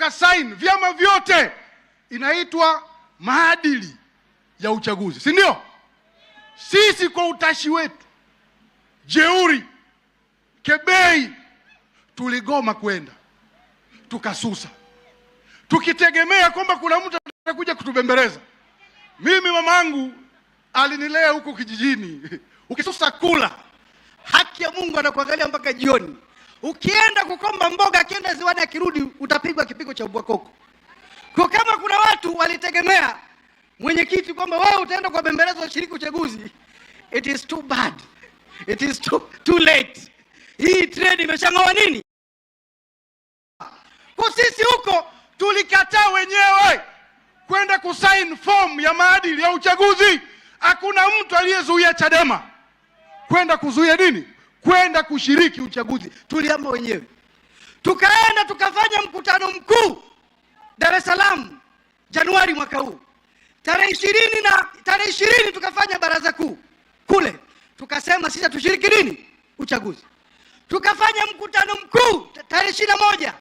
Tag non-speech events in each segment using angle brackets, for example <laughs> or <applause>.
tukasaini vyama vyote, inaitwa maadili ya uchaguzi, si ndio? Sisi kwa utashi wetu jeuri kebei, tuligoma kwenda tukasusa, tukitegemea kwamba kuna mtu atakuja kutubembeleza. Mimi mamangu alinilea huko kijijini, <laughs> ukisusa kula, haki ya Mungu anakuangalia mpaka jioni. Ukienda kukomba mboga, akienda ziwani, akirudi utapigwa kipigo cha ubwakoko. Kwa kama kuna watu walitegemea mwenyekiti kwamba wewe utaenda kwa bembelezo shiriki uchaguzi, it is too bad, it is too, too late. Hii trend imeshangawa nini? Kwa sisi huko tulikataa wenyewe kwenda kusain form ya maadili ya uchaguzi. Hakuna mtu aliyezuia Chadema kwenda kuzuia nini kwenda kushiriki uchaguzi. tuliama wenyewe, tukaenda tukafanya mkutano mkuu Dar es Salaam Januari mwaka huu tarehe ishirini na tarehe ishirini tukafanya baraza kuu kule, tukasema sisi tushiriki nini uchaguzi. Tukafanya mkutano mkuu tarehe ishirini na moja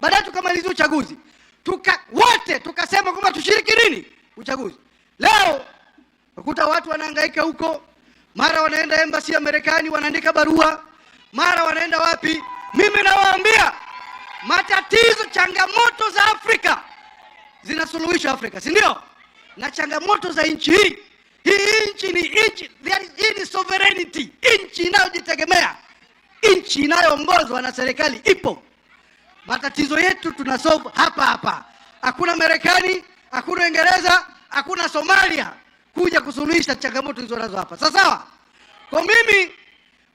baadaye tukamaliza uchaguzi tuka, wote tukasema kwamba tushiriki nini uchaguzi. Leo ukuta watu wanahangaika huko mara wanaenda embassy ya Marekani wanaandika barua, mara wanaenda wapi. Mimi nawaambia matatizo, changamoto za Afrika zinasuluhishwa Afrika, si ndio? Na changamoto za nchi hii hii nchi ni nchi, hii ni sovereignty, nchi inayojitegemea, nchi inayoongozwa na serikali ipo. Matatizo yetu tunasolve hapa hapa, hakuna Marekani, hakuna Uingereza, hakuna Somalia kuja kusuluhisha changamoto hizo nazo hapa. Sasa sawa. Kwa mimi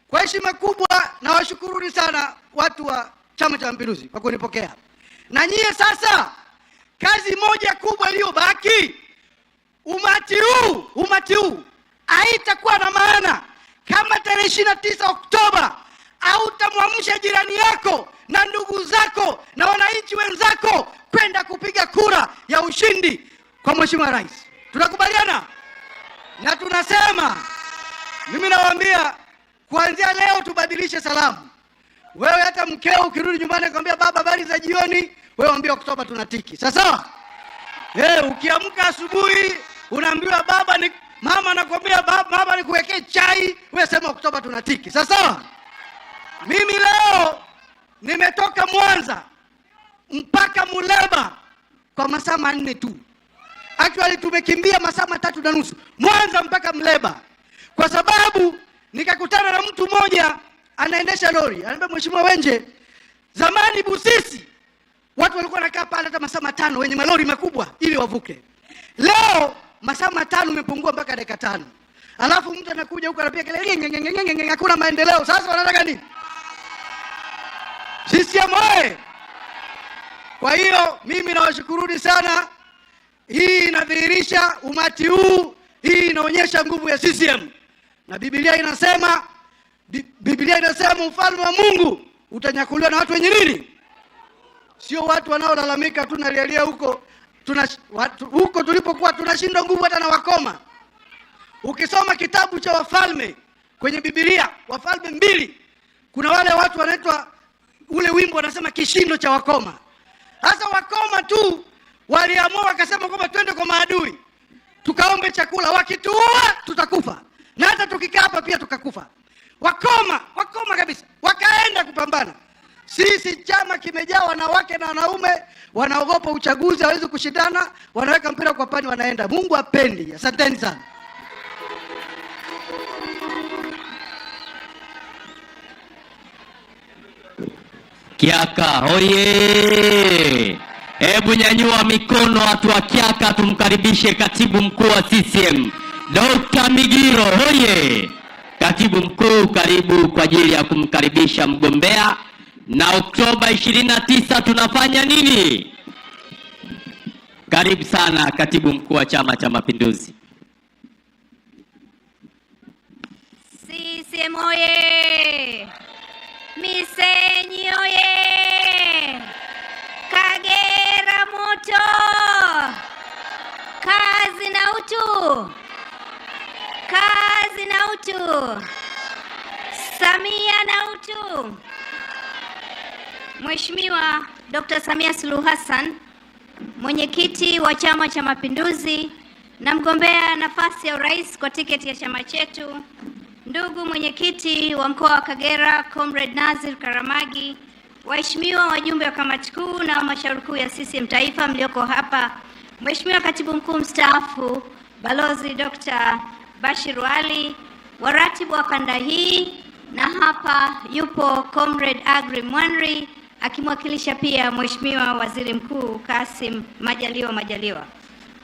kwa heshima kubwa nawashukuruni sana watu wa Chama cha Mapinduzi kwa kunipokea, na nyie sasa, kazi moja kubwa iliyobaki, umati huu umati huu haitakuwa na maana kama tarehe 29 tisa Oktoba hautamwamsha jirani yako na ndugu zako na wananchi wenzako kwenda kupiga kura ya ushindi kwa Mheshimiwa Rais. Tunakubaliana? na tunasema, mimi nawaambia kuanzia leo tubadilishe salamu. Wewe hata mkeo ukirudi nyumbani akwambia baba, habari za jioni, wewe waambia Oktoba tunatiki, sasa. Hey, eh, ukiamka asubuhi unaambiwa baba ni mama, nakwambia baba, baba nikuwekee chai, wewe sema Oktoba tunatiki, sasa. Mimi leo nimetoka Mwanza mpaka Muleba kwa masaa manne tu actually tumekimbia masaa matatu na nusu Mwanza mpaka Mleba, kwa sababu nikakutana na mtu mmoja anaendesha lori, ananiambia Mheshimiwa Wenje, zamani Busisi watu walikuwa wanakaa pale hata masaa matano wenye malori makubwa ili wavuke. Leo masaa matano umepungua mpaka dakika tano. Alafu mtu anakuja huko anapiga kelele, hakuna maendeleo. Sasa wanataka nini? CCM oye! Kwa hiyo mimi nawashukuruni sana. Hii inadhihirisha umati huu, hii inaonyesha nguvu ya CCM na Biblia inasema Biblia inasema ufalme wa Mungu utanyakuliwa na watu wenye nini? Sio watu wanaolalamika tu nalialia huko tuna, watu, huko tulipokuwa tunashindwa nguvu hata na wakoma. Ukisoma kitabu cha Wafalme kwenye Biblia, Wafalme mbili, kuna wale watu wanaitwa ule wimbo wanasema kishindo cha wakoma. Hasa wakoma tu waliamua wakasema kwamba twende kwa maadui tukaombe chakula, wakituua tutakufa, na hata tukikaa hapa pia tukakufa. Wakoma, wakoma kabisa, wakaenda kupambana. Sisi chama kimejaa wanawake na wanaume wanaogopa uchaguzi, hawezi kushindana, wanaweka mpira kwa pani, wanaenda. Mungu apendi. Asanteni sana. Kiaka oye! Hebu nyanyua mikono watu wa Kyaka, tumkaribishe katibu mkuu wa CCM Dr. Migiro hoye. Katibu mkuu, karibu kwa ajili ya kumkaribisha mgombea. Na Oktoba 29 tunafanya nini? Karibu sana katibu mkuu wa Chama cha Mapinduzi. CCM oye! Misenyi oye! moto, kazi na utu, kazi na utu, Samia na utu. Mheshimiwa Dr. Samia Suluhu Hassan, mwenyekiti wa Chama cha Mapinduzi na mgombea nafasi ya urais kwa tiketi ya chama chetu, ndugu mwenyekiti wa mkoa wa Kagera Comrade Nazir Karamagi Waheshimiwa wajumbe wa kamati kuu na halmashauri kuu ya CCM Taifa mlioko hapa, Mheshimiwa katibu mkuu mstaafu Balozi Dr. Bashir Wali, waratibu wa kanda hii, na hapa yupo Comrade Agri Mwanri akimwakilisha pia Mheshimiwa Waziri Mkuu Kasim Majaliwa Majaliwa,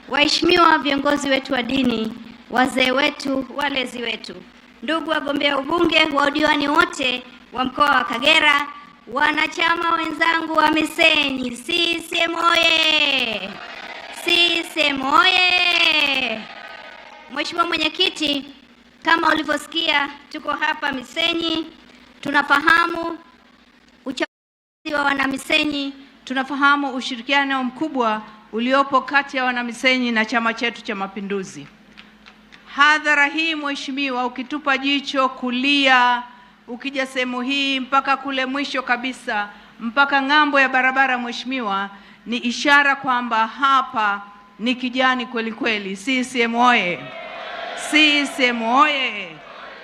waheshimiwa viongozi wetu wa dini, wazee wetu, walezi wetu, ndugu wagombea ubunge wa udiwani wote wa mkoa wa Kagera Wanachama wenzangu wa Missenyi, CCM oye! CCM oye! Mheshimiwa Mwenyekiti, kama ulivyosikia, tuko hapa Missenyi. Tunafahamu uchaguzi wa wanamisenyi, tunafahamu ushirikiano mkubwa uliopo kati ya wanamisenyi na chama chetu cha Mapinduzi. Hadhara hii mheshimiwa, ukitupa jicho kulia Ukija sehemu hii mpaka kule mwisho kabisa mpaka ng'ambo ya barabara, mheshimiwa, ni ishara kwamba hapa ni kijani kweli kweli. CCM oye! CCM oye!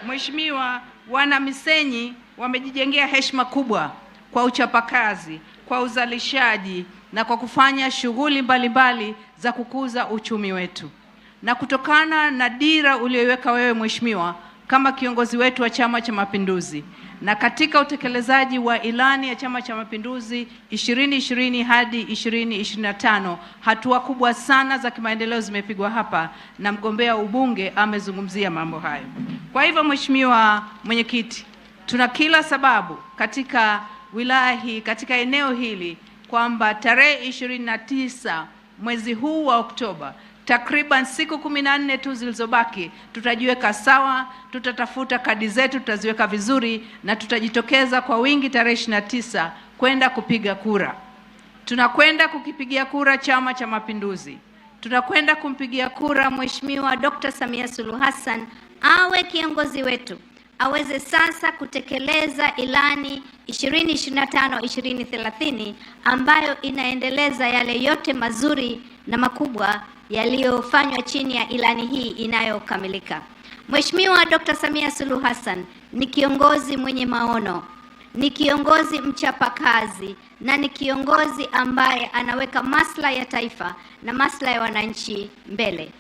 Mheshimiwa, wana Misenyi wamejijengea heshima kubwa kwa uchapakazi, kwa uzalishaji na kwa kufanya shughuli mbalimbali za kukuza uchumi wetu, na kutokana na dira uliyoiweka wewe mheshimiwa kama kiongozi wetu wa Chama cha Mapinduzi na katika utekelezaji wa ilani ya Chama cha Mapinduzi 2020 hadi 2025, hatua kubwa sana za kimaendeleo zimepigwa hapa na mgombea ubunge amezungumzia mambo hayo. Kwa hivyo, Mheshimiwa Mwenyekiti, tuna kila sababu katika wilaya hii, katika eneo hili kwamba tarehe 29 mwezi huu wa Oktoba Takriban siku kumi na nne tu zilizobaki, tutajiweka sawa, tutatafuta kadi zetu, tutaziweka vizuri na tutajitokeza kwa wingi tarehe ishirini na tisa kwenda kupiga kura. Tunakwenda kukipigia kura Chama cha Mapinduzi, tunakwenda kumpigia kura Mheshimiwa Dr. Samia Suluhu Hassan awe kiongozi wetu, aweze sasa kutekeleza ilani 2025 2030 ambayo inaendeleza yale yote mazuri na makubwa yaliyofanywa chini ya ilani hii inayokamilika. Mheshimiwa Dr. Samia Suluhu Hassan ni kiongozi mwenye maono, ni kiongozi mchapakazi na ni kiongozi ambaye anaweka maslahi ya taifa na maslahi ya wananchi mbele.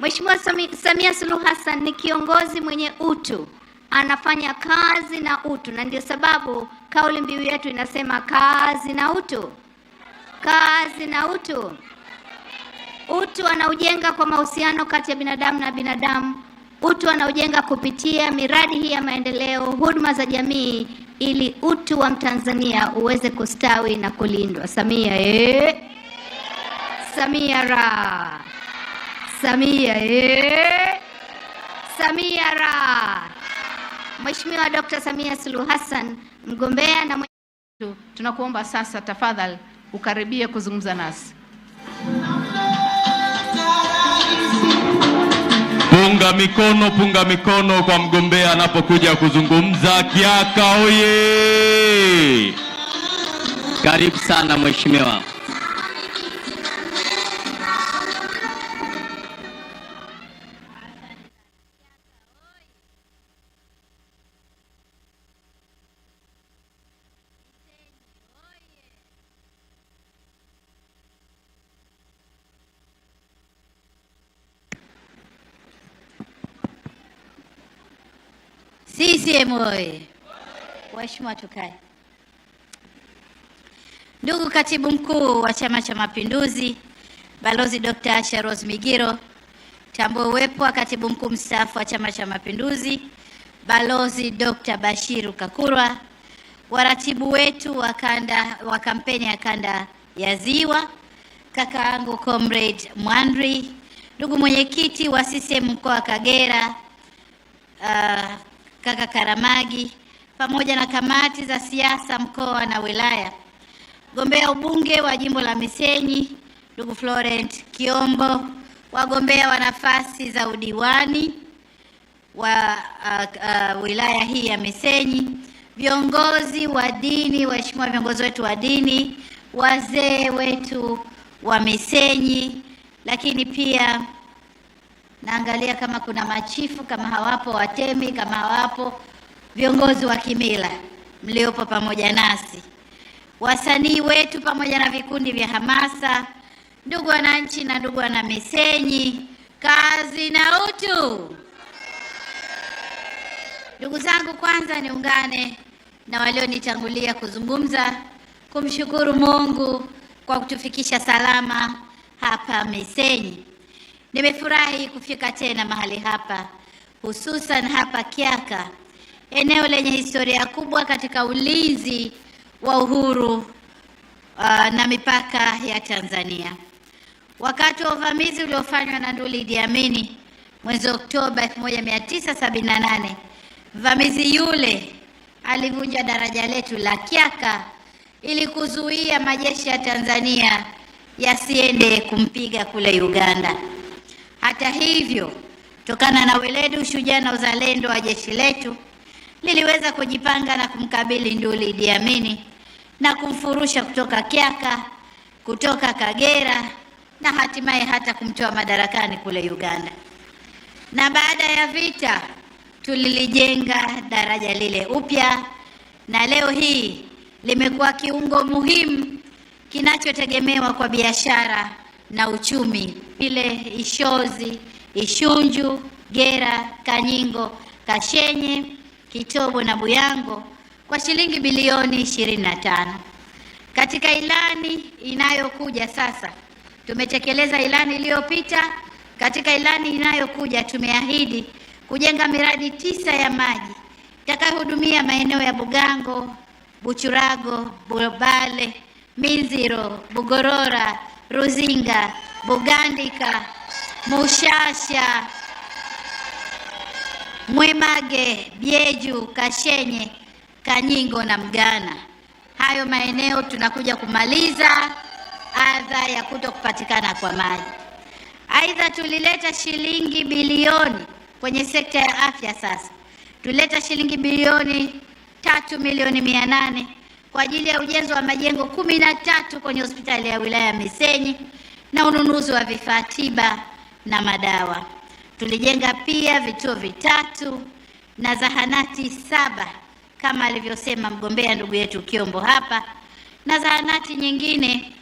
Mheshimiwa Samia Suluhu Hassan ni kiongozi mwenye utu, anafanya kazi na utu, na ndio sababu kauli mbiu yetu inasema kazi na utu, kazi na utu. Utu anaujenga kwa mahusiano kati ya binadamu na binadamu. Utu anaujenga kupitia miradi hii ya maendeleo, huduma za jamii, ili utu wa Mtanzania uweze kustawi na kulindwa. Samia eh! Samia ra! Samia eh! Samia ra! Mheshimiwa Dkt. Samia Suluhu Hassan, mgombea na mwenye... tunakuomba sasa tafadhali ukaribie kuzungumza nasi. Punga mikono, punga mikono kwa mgombea anapokuja kuzungumza. kiaka oye! Karibu sana mheshimiwa. CCM oye! Waheshimiwa, tukae. Ndugu katibu mkuu wa Chama cha Mapinduzi Balozi Dr. Asha Rose Migiro, tambua uwepo wa katibu mkuu mstaafu wa Chama cha Mapinduzi Balozi Dr. Bashiru Kakurwa, waratibu wetu wa kanda wa kampeni ya kanda ya Ziwa, kakaangu Comrade Mwandri, ndugu mwenyekiti wa CCM mkoa wa Kagera uh, kaka Karamagi pamoja na kamati za siasa mkoa na wilaya, gombea ubunge wa jimbo la Misenyi ndugu Florent Kiombo, wagombea wa nafasi za udiwani wa uh, uh, wilaya hii ya Misenyi, viongozi wa dini, waheshimiwa viongozi wetu wa dini, wazee wetu wa Misenyi, lakini pia naangalia kama kuna machifu, kama hawapo watemi, kama hawapo viongozi wa kimila mliopo pamoja nasi, wasanii wetu pamoja na vikundi vya hamasa, ndugu wananchi na ndugu wana Misenyi, kazi na utu. Ndugu zangu, kwanza niungane na walionitangulia kuzungumza kumshukuru Mungu kwa kutufikisha salama hapa Misenyi. Nimefurahi kufika tena mahali hapa, hususan hapa kiaka eneo lenye historia kubwa katika ulinzi wa uhuru uh, na mipaka ya Tanzania. Wakati wa uvamizi uliofanywa na nduli Idi Amini mwezi Oktoba 1978, mvamizi yule alivunja daraja letu la Kyaka ili kuzuia majeshi ya Tanzania yasiende kumpiga kule Uganda. Hata hivyo, kutokana na weledi, ushujaa na uzalendo wa jeshi letu liliweza kujipanga na kumkabili nduli Idi Amin na kumfurusha kutoka Kyaka, kutoka Kagera na hatimaye hata kumtoa madarakani kule Uganda. Na baada ya vita tulilijenga daraja lile upya na leo hii limekuwa kiungo muhimu kinachotegemewa kwa biashara na uchumi vile Ishozi, Ishunju, Gera, Kanyingo, Kashenye, kitobo na Buyango kwa shilingi bilioni 25. Katika ilani inayokuja sasa tumetekeleza ilani iliyopita. Katika ilani inayokuja tumeahidi kujenga miradi tisa ya maji itakayohudumia maeneo ya Bugango, Buchurago, Bulobale, Minziro, Bugorora Ruzinga, Bugandika, Mushasha, Mwemage, bieju Kashenye, Kanyingo na Mgana. Hayo maeneo tunakuja kumaliza adha ya kuto kupatikana kwa maji. Aidha, tulileta shilingi bilioni kwenye sekta ya afya. Sasa tulileta shilingi bilioni tatu milioni mia nane kwa ajili ya ujenzi wa majengo kumi na tatu kwenye hospitali ya wilaya ya Misenyi na ununuzi wa vifaa tiba na madawa. Tulijenga pia vituo vitatu na zahanati saba kama alivyosema mgombea ndugu yetu Kiombo hapa na zahanati nyingine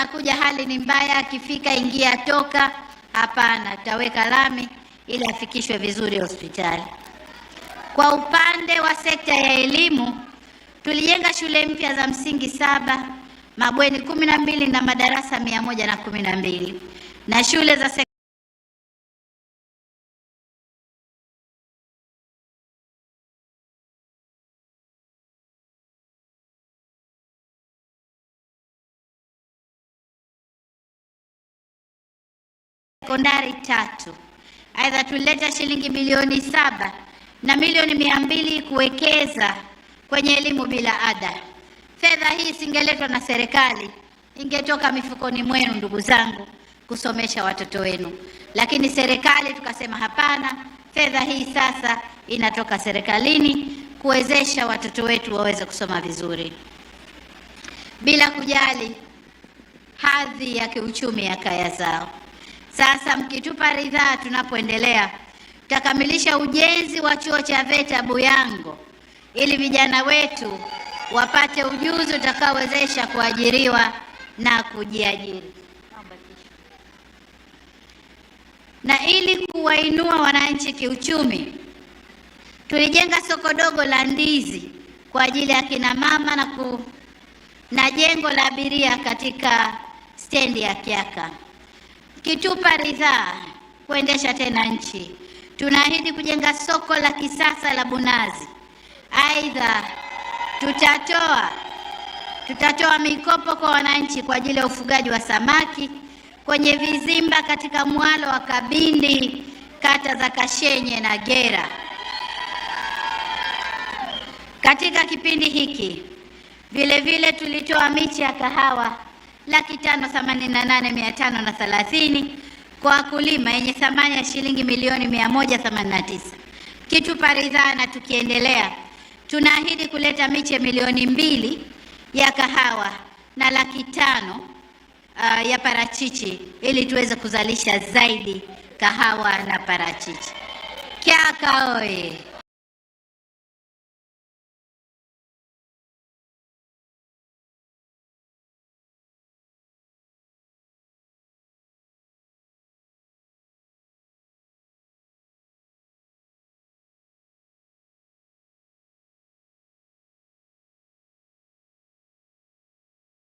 anakuja hali ni mbaya, akifika ingia toka, hapana, taweka lami ili afikishwe vizuri hospitali. Kwa upande wa sekta ya elimu, tulijenga shule mpya za msingi saba, mabweni kumi na mbili na madarasa mia moja na kumi na mbili na shule za sekondari tatu. Aidha, tulileta shilingi milioni saba na milioni mia mbili kuwekeza kwenye elimu bila ada. Fedha hii singeletwa na serikali, ingetoka mifukoni mwenu, ndugu zangu, kusomesha watoto wenu, lakini serikali tukasema hapana, fedha hii sasa inatoka serikalini kuwezesha watoto wetu waweze kusoma vizuri bila kujali hadhi ya kiuchumi ya kaya zao. Sasa mkitupa ridhaa, tunapoendelea tutakamilisha ujenzi wa chuo cha VETA Buyango ili vijana wetu wapate ujuzi utakaowezesha kuajiriwa na kujiajiri na ili kuwainua wananchi kiuchumi, tulijenga soko dogo la ndizi kwa ajili ya kina mama na, ku, na jengo la abiria katika stendi ya Kiaka kitupa ridhaa kuendesha tena nchi, tunaahidi kujenga soko la kisasa la Bunazi. Aidha, tutatoa tutatoa mikopo kwa wananchi kwa ajili ya ufugaji wa samaki kwenye vizimba katika mwalo wa Kabindi, kata za Kashenye na Gera. Katika kipindi hiki vilevile vile tulitoa miche ya kahawa laki tano themanini na nane mia tano na thelathini kwa wakulima yenye thamani ya shilingi milioni mia moja themanini na tisa. Kitupa ridhaa na tukiendelea, tunaahidi kuleta miche milioni mbili ya kahawa na laki tano uh, ya parachichi ili tuweze kuzalisha zaidi kahawa na parachichi. Kyaka oye!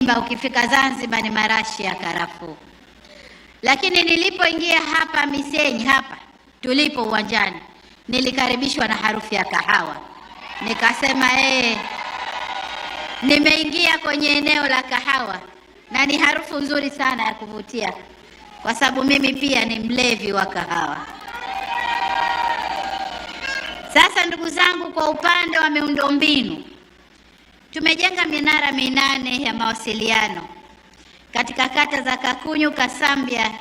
Simba ukifika Zanzibar ni marashi ya karafuu. Lakini nilipoingia hapa Misenyi hapa tulipo uwanjani, nilikaribishwa na harufu ya kahawa, nikasema ee, nimeingia kwenye eneo la kahawa na ni harufu nzuri sana ya kuvutia, kwa sababu mimi pia ni mlevi wa kahawa. Sasa ndugu zangu, kwa upande wa miundombinu Tumejenga minara minane ya mawasiliano katika kata za Kakunyu, Kasambia,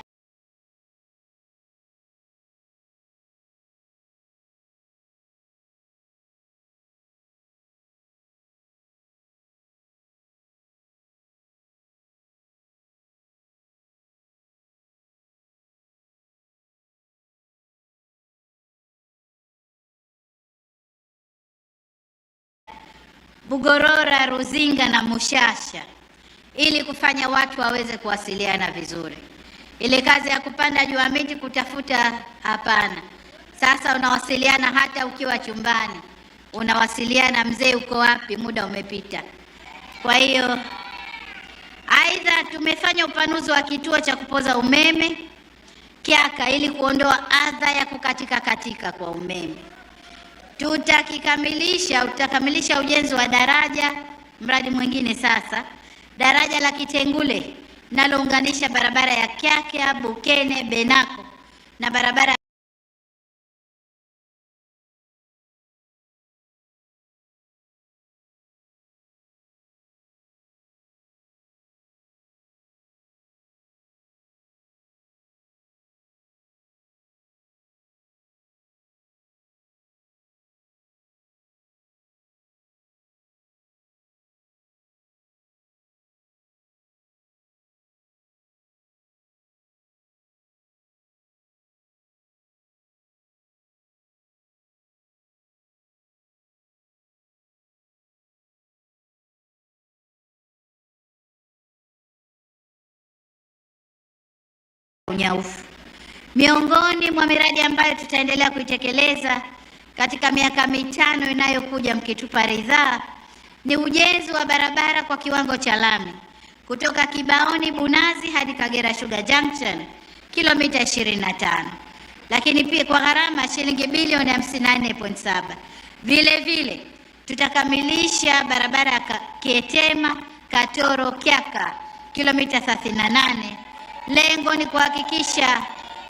Bugorora, Ruzinga na Mushasha ili kufanya watu waweze kuwasiliana vizuri. Ile kazi ya kupanda juu ya miti kutafuta, hapana. Sasa unawasiliana hata ukiwa chumbani, unawasiliana mzee, uko wapi, muda umepita. Kwa hiyo, aidha tumefanya upanuzi wa kituo cha kupoza umeme Kyaka ili kuondoa adha ya kukatika katika kwa umeme tutakikamilisha, utakamilisha ujenzi wa daraja, mradi mwingine sasa, daraja la Kitengule linalounganisha barabara ya Kyakya Bukene Benako na barabara unyaufu. Miongoni mwa miradi ambayo tutaendelea kuitekeleza katika miaka mitano inayokuja mkitupa ridhaa ni ujenzi wa barabara kwa kiwango cha lami kutoka Kibaoni Bunazi hadi Kagera Sugar Junction kilomita 25, lakini pia kwa gharama shilingi bilioni 58.7. Vile vile tutakamilisha barabara ya Kietema Katoro Kyaka kilomita 38 Lengo ni kuhakikisha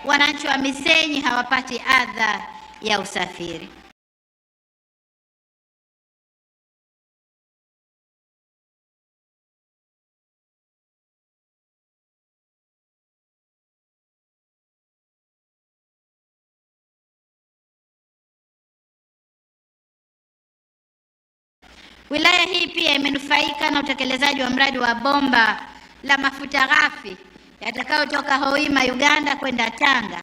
wananchi wa Misenyi hawapati adha ya usafiri. Wilaya hii pia imenufaika na utekelezaji wa mradi wa bomba la mafuta ghafi yatakayotoka Hoima Uganda kwenda Tanga